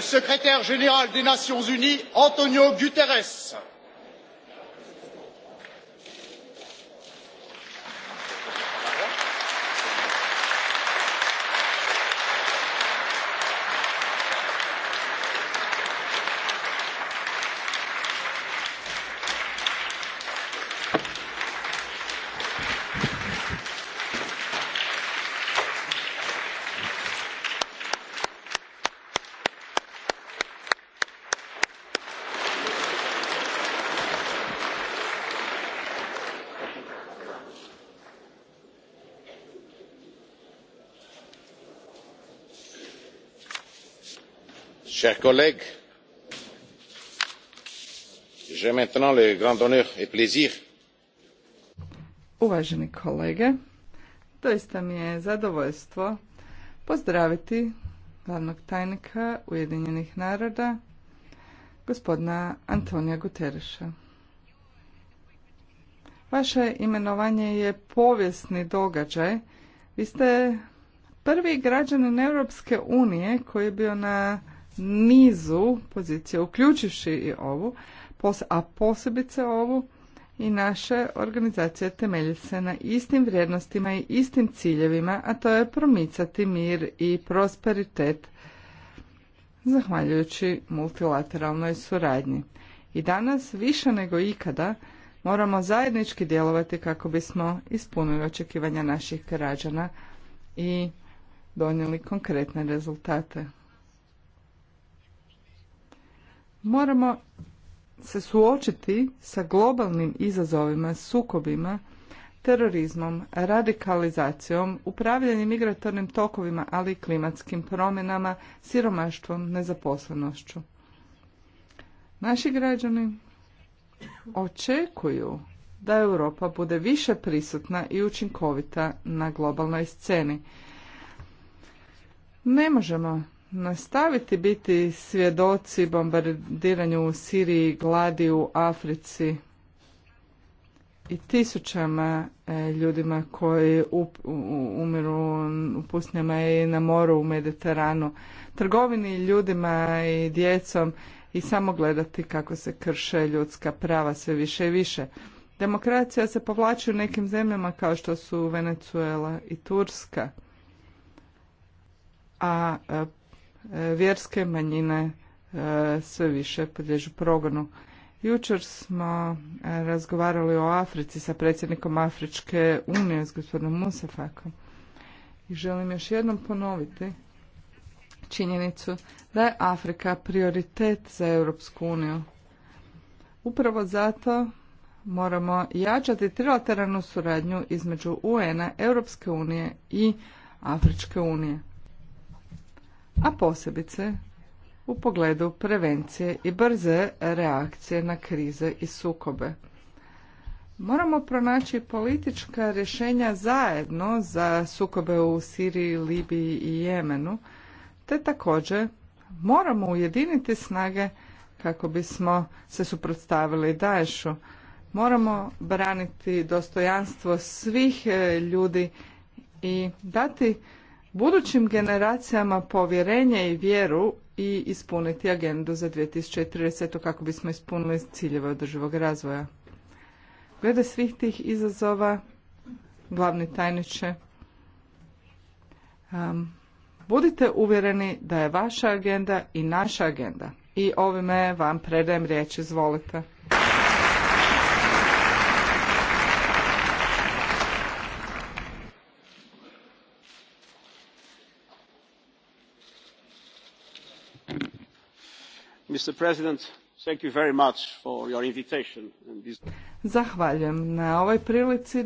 secrétaire général des nations unies antnio guterres. chers collègues j'ai maintenant le grand honneur et plaisir Uvaženi kolege, doista mi je zadovoljstvo pozdraviti glavnog tajnika Ujedinjenih naroda, gospodina Antonija Guterreša. Vaše imenovanje je povijesni događaj. Vi ste prvi građanin Europske unije koji je bio na nizu pozicija, uključivši i ovu, a posebice ovu, i naše organizacije temelje se na istim vrijednostima i istim ciljevima, a to je promicati mir i prosperitet zahvaljujući multilateralnoj suradnji. I danas više nego ikada moramo zajednički djelovati kako bismo ispunili očekivanja naših građana i donijeli konkretne rezultate. Moramo se suočiti sa globalnim izazovima, sukobima, terorizmom, radikalizacijom, upravljanjem migratornim tokovima, ali i klimatskim promjenama, siromaštvom, nezaposlenošću. Naši građani očekuju da Europa bude više prisutna i učinkovita na globalnoj sceni. Ne možemo nastaviti biti svjedoci bombardiranju u Siriji, gladi u Africi i tisućama e, ljudima koji umiru u pustnjama i na moru u Mediteranu, trgovini ljudima i djecom i samo gledati kako se krše ljudska prava sve više i više. Demokracija se povlači u nekim zemljama kao što su Venezuela i Turska, a e, vjerske manjine e, sve više podliježu progonu. Jučer smo e, razgovarali o Africi sa predsjednikom Afričke unije, s gospodinom Musafakom. I želim još jednom ponoviti činjenicu da je Afrika prioritet za Europsku uniju. Upravo zato moramo jačati trilateralnu suradnju između UN-a, Europske unije i Afričke unije a posebice u pogledu prevencije i brze reakcije na krize i sukobe. Moramo pronaći politička rješenja zajedno za sukobe u Siriji, Libiji i Jemenu, te također moramo ujediniti snage kako bismo se suprotstavili Daješu. Moramo braniti dostojanstvo svih e, ljudi i dati budućim generacijama povjerenje i vjeru i ispuniti agendu za 2030. kako bismo ispunili ciljeve održivog razvoja. Glede svih tih izazova, glavni tajniče, um, budite uvjereni da je vaša agenda i naša agenda. I ovime vam predajem riječ, izvolite. Mr. President, thank you very much for your invitation. Zahvaljujem na ovoj prilici